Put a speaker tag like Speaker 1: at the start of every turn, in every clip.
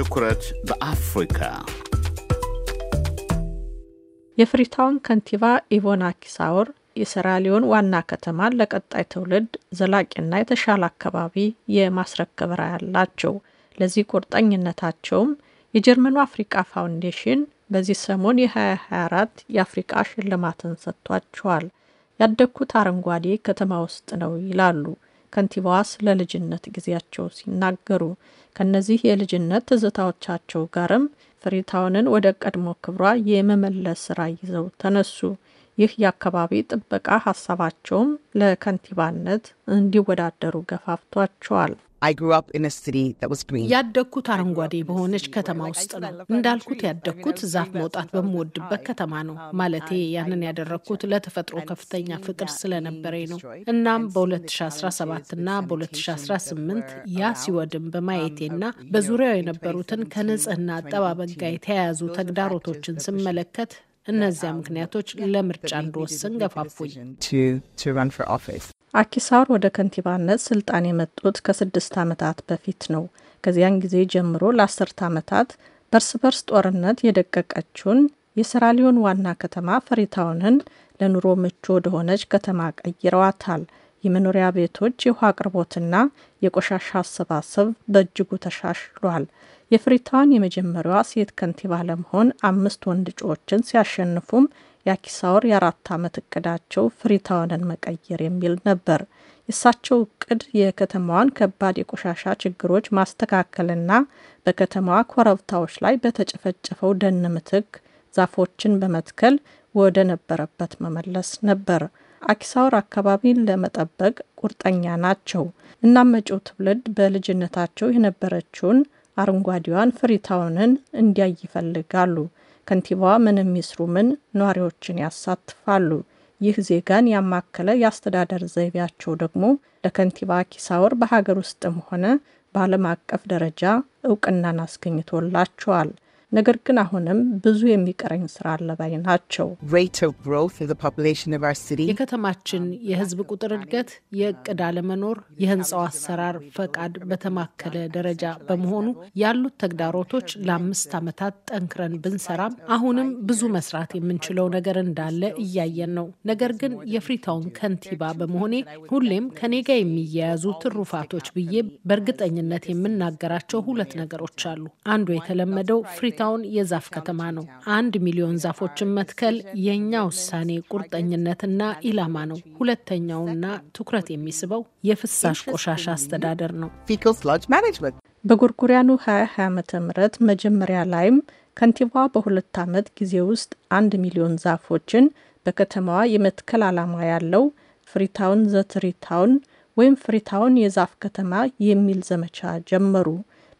Speaker 1: ትኩረት በአፍሪካ
Speaker 2: የፍሪታውን ከንቲባ ኢቮና ኪሳወር የሰራሊዮን ዋና ከተማን ለቀጣይ ትውልድ ዘላቂና የተሻለ አካባቢ የማስረከብ ራዕይ ያላቸው። ለዚህ ቁርጠኝነታቸውም የጀርመኑ አፍሪቃ ፋውንዴሽን በዚህ ሰሞን የ2024 የአፍሪቃ ሽልማትን ሰጥቷቸዋል። ያደግኩት አረንጓዴ ከተማ ውስጥ ነው ይላሉ ከንቲባዋ ስለ ልጅነት ጊዜያቸው ሲናገሩ ከነዚህ የልጅነት ትዝታዎቻቸው ጋርም ፍሪታውንን ወደ ቀድሞ ክብሯ የመመለስ ስራ ይዘው ተነሱ። ይህ የአካባቢ ጥበቃ ሀሳባቸውም ለከንቲባነት እንዲወዳደሩ ገፋፍቷቸዋል።
Speaker 1: ያደግኩት አረንጓዴ
Speaker 2: በሆነች ከተማ ውስጥ ነው። እንዳልኩት
Speaker 1: ያደግኩት ዛፍ መውጣት በምወድበት ከተማ ነው። ማለቴ ያንን ያደረግኩት ለተፈጥሮ ከፍተኛ ፍቅር ስለነበረኝ ነው። እናም በ2017 እና በ2018 ያ ሲወድም በማየቴና በዙሪያው የነበሩትን ከንጽህና አጠባበቅ ጋር የተያያዙ ተግዳሮቶችን ስመለከት እነዚያ ምክንያቶች ለምርጫ እንድወስን ገፋፉኝ።
Speaker 2: አኪሳር ወደ ከንቲባነት ስልጣን የመጡት ከስድስት ዓመታት በፊት ነው። ከዚያን ጊዜ ጀምሮ ለአስርተ ዓመታት በርስ በርስ ጦርነት የደቀቀችውን የሰራሊዮን ዋና ከተማ ፈሪታውንን ለኑሮ ምቹ ወደሆነች ከተማ ቀይረዋታል። የመኖሪያ ቤቶች፣ የውሃ አቅርቦትና የቆሻሻ አሰባሰብ በእጅጉ ተሻሽሏል። የፍሪታውን የመጀመሪያዋ ሴት ከንቲባ ለመሆን አምስት ወንድ እጩዎችን ሲያሸንፉም የአኪሳወር የአራት ዓመት እቅዳቸው ፍሪታውንን መቀየር የሚል ነበር። የእሳቸው እቅድ የከተማዋን ከባድ የቆሻሻ ችግሮች ማስተካከልና በከተማዋ ኮረብታዎች ላይ በተጨፈጨፈው ደን ምትክ ዛፎችን በመትከል ወደ ነበረበት መመለስ ነበር። አኪሳወር አካባቢን ለመጠበቅ ቁርጠኛ ናቸው። እናም መጪው ትውልድ በልጅነታቸው የነበረችውን አረንጓዴዋን ፍሪታውንን እንዲያይ ይፈልጋሉ። ከንቲባዋ ምንም ይስሩ ምን ነዋሪዎችን ያሳትፋሉ። ይህ ዜጋን ያማከለ የአስተዳደር ዘይቤያቸው ደግሞ ለከንቲባ ኪሳወር በሀገር ውስጥም ሆነ በዓለም አቀፍ ደረጃ እውቅናን አስገኝቶላቸዋል። ነገር ግን አሁንም ብዙ የሚቀረኝ ስራ አለባይ ናቸው።
Speaker 1: የከተማችን የህዝብ ቁጥር እድገት፣ የእቅድ አለመኖር፣ የህንፃው አሰራር ፈቃድ በተማከለ ደረጃ በመሆኑ ያሉት ተግዳሮቶች ለአምስት ዓመታት ጠንክረን ብንሰራም አሁንም ብዙ መስራት የምንችለው ነገር እንዳለ እያየን ነው። ነገር ግን የፍሪታውን ከንቲባ በመሆኔ ሁሌም ከኔ ጋር የሚያያዙ ትሩፋቶች ብዬ በእርግጠኝነት የምናገራቸው ሁለት ነገሮች አሉ። አንዱ የተለመደው ፍሪ ሁኔታውን የዛፍ ከተማ ነው። አንድ ሚሊዮን ዛፎችን መትከል የእኛ ውሳኔ ቁርጠኝነትና ኢላማ ነው። ሁለተኛውና ትኩረት የሚስበው የፍሳሽ ቆሻሻ አስተዳደር ነው።
Speaker 2: በጎርጎሪያኑ 2020 ዓ.ም መጀመሪያ ላይም ከንቲባ በሁለት ዓመት ጊዜ ውስጥ አንድ ሚሊዮን ዛፎችን በከተማዋ የመትከል ዓላማ ያለው ፍሪታውን ዘትሪታውን ወይም ፍሪታውን የዛፍ ከተማ የሚል ዘመቻ ጀመሩ።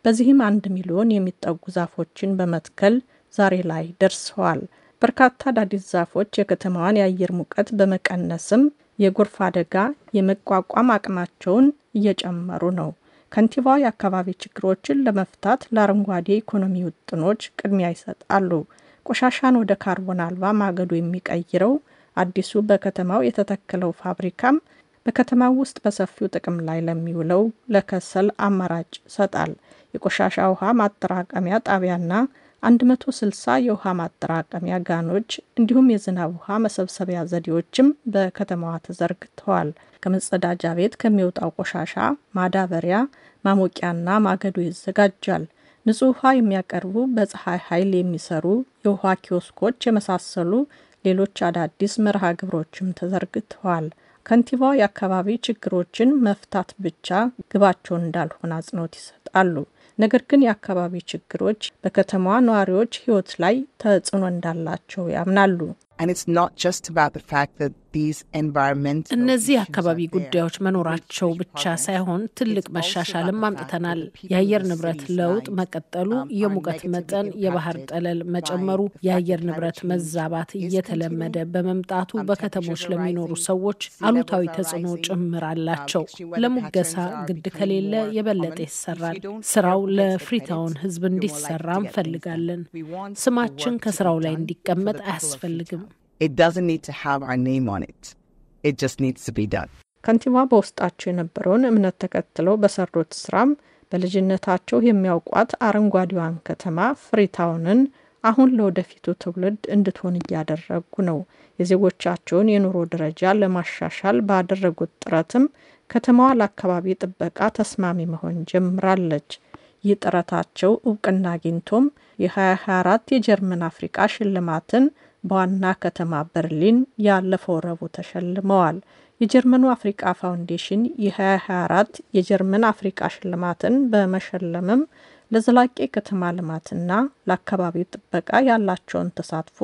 Speaker 2: በዚህም አንድ ሚሊዮን የሚጠጉ ዛፎችን በመትከል ዛሬ ላይ ደርሰዋል። በርካታ አዳዲስ ዛፎች የከተማዋን የአየር ሙቀት በመቀነስም የጎርፍ አደጋ የመቋቋም አቅማቸውን እየጨመሩ ነው። ከንቲባዋ የአካባቢ ችግሮችን ለመፍታት ለአረንጓዴ ኢኮኖሚ ውጥኖች ቅድሚያ ይሰጣሉ። ቆሻሻን ወደ ካርቦን አልባ ማገዶ የሚቀይረው አዲሱ በከተማው የተተከለው ፋብሪካም በከተማው ውስጥ በሰፊው ጥቅም ላይ ለሚውለው ለከሰል አማራጭ ይሰጣል። የቆሻሻ ውሃ ማጠራቀሚያ ጣቢያና 160 የውሃ ማጠራቀሚያ ጋኖች እንዲሁም የዝናብ ውሃ መሰብሰቢያ ዘዴዎችም በከተማዋ ተዘርግተዋል። ከመጸዳጃ ቤት ከሚወጣው ቆሻሻ ማዳበሪያ፣ ማሞቂያና ማገዶ ይዘጋጃል። ንጹህ ውሃ የሚያቀርቡ በፀሐይ ኃይል የሚሰሩ የውሃ ኪዮስኮች የመሳሰሉ ሌሎች አዳዲስ መርሃ ግብሮችም ተዘርግተዋል። ከንቲባ የአካባቢ ችግሮችን መፍታት ብቻ ግባቸው እንዳልሆነ አጽንኦት ይሰጣሉ። ነገር ግን የአካባቢ ችግሮች በከተማዋ ነዋሪዎች ሕይወት ላይ ተጽዕኖ እንዳላቸው
Speaker 1: ያምናሉ። እነዚህ አካባቢ ጉዳዮች መኖራቸው ብቻ ሳይሆን ትልቅ መሻሻልም አምጥተናል። የአየር ንብረት ለውጥ መቀጠሉ፣ um, የሙቀት መጠን፣ የባህር ጠለል መጨመሩ፣ የአየር ንብረት መዛባት እየተለመደ በመምጣቱ um, በከተሞች ለሚኖሩ ሰዎች አሉታዊ ተጽዕኖ um, ጭምር አላቸው። ለሙገሳ ግድ ከሌለ የበለጠ ይሰራል። ስራው ለፍሪታውን ህዝብ እንዲሰራ እንፈልጋለን። ስማችን ከስራው ላይ እንዲቀመጥ አያስፈልግም።
Speaker 2: It doesn't need to have our name on it. It just needs to be done. ከንቲባ በውስጣቸው የነበረውን እምነት ተከትለው በሰሩት ስራም በልጅነታቸው የሚያውቋት አረንጓዴዋን ከተማ ፍሪታውንን አሁን ለወደፊቱ ትውልድ እንድትሆን እያደረጉ ነው። የዜጎቻቸውን የኑሮ ደረጃ ለማሻሻል ባደረጉት ጥረትም ከተማዋ ለአካባቢ ጥበቃ ተስማሚ መሆን ጀምራለች። ይህ ጥረታቸው እውቅና አግኝቶም የ2024 የጀርመን አፍሪቃ ሽልማትን በዋና ከተማ በርሊን ያለፈው ረቡዕ ተሸልመዋል። የጀርመኑ አፍሪቃ ፋውንዴሽን የ2024 የጀርመን አፍሪቃ ሽልማትን በመሸለምም ለዘላቂ ከተማ ልማትና ለአካባቢው ጥበቃ ያላቸውን ተሳትፎ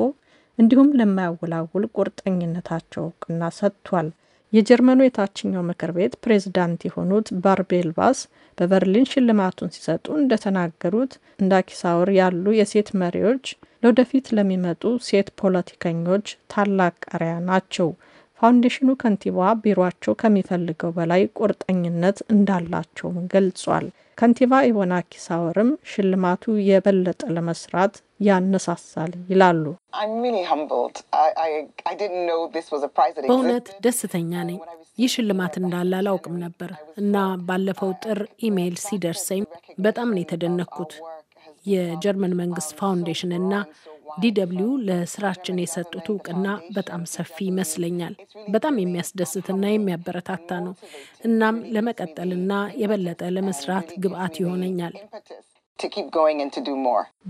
Speaker 2: እንዲሁም ለማያወላውል ቁርጠኝነታቸው እውቅና ሰጥቷል። የጀርመኑ የታችኛው ምክር ቤት ፕሬዝዳንት የሆኑት ባርቤል ባስ በበርሊን ሽልማቱን ሲሰጡ እንደተናገሩት እንደ አኪሳወር ያሉ የሴት መሪዎች ለወደፊት ለሚመጡ ሴት ፖለቲከኞች ታላቅ አርአያ ናቸው። ፋውንዴሽኑ ከንቲባ ቢሮቸው ከሚፈልገው በላይ ቁርጠኝነት እንዳላቸውም ገልጿል። ከንቲባ ኢቦና ኪሳወርም ሽልማቱ የበለጠ ለመስራት ያነሳሳል ይላሉ።
Speaker 1: በእውነት ደስተኛ ነኝ። ይህ ሽልማት እንዳለ አላውቅም ነበር እና ባለፈው ጥር ኢሜይል ሲደርሰኝ በጣም ነው የተደነኩት። የጀርመን መንግስት ፋውንዴሽን እና ዲደብሊው ለስራችን የሰጡት እውቅና በጣም ሰፊ ይመስለኛል። በጣም የሚያስደስትና የሚያበረታታ ነው። እናም ለመቀጠልና የበለጠ ለመስራት ግብአት ይሆነኛል።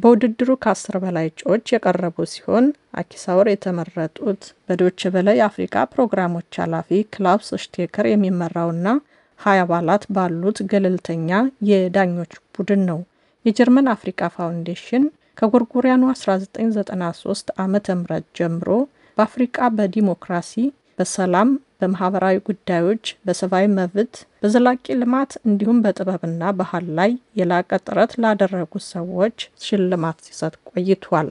Speaker 2: በውድድሩ ከአስር በላይ እጩዎች የቀረቡ ሲሆን አኪሳወር የተመረጡት በዶች በላይ የአፍሪካ ፕሮግራሞች ኃላፊ ክላውስ ሽቴከር የሚመራውና ሀያ አባላት ባሉት ገለልተኛ የዳኞች ቡድን ነው። የጀርመን አፍሪካ ፋውንዴሽን ከጎርጎሪያኑ 1993 ዓ ም ጀምሮ በአፍሪቃ በዲሞክራሲ፣ በሰላም፣ በማህበራዊ ጉዳዮች፣ በሰብአዊ መብት፣ በዘላቂ ልማት እንዲሁም በጥበብና ባህል ላይ የላቀ ጥረት ላደረጉ ሰዎች ሽልማት ሲሰጥ ቆይቷል።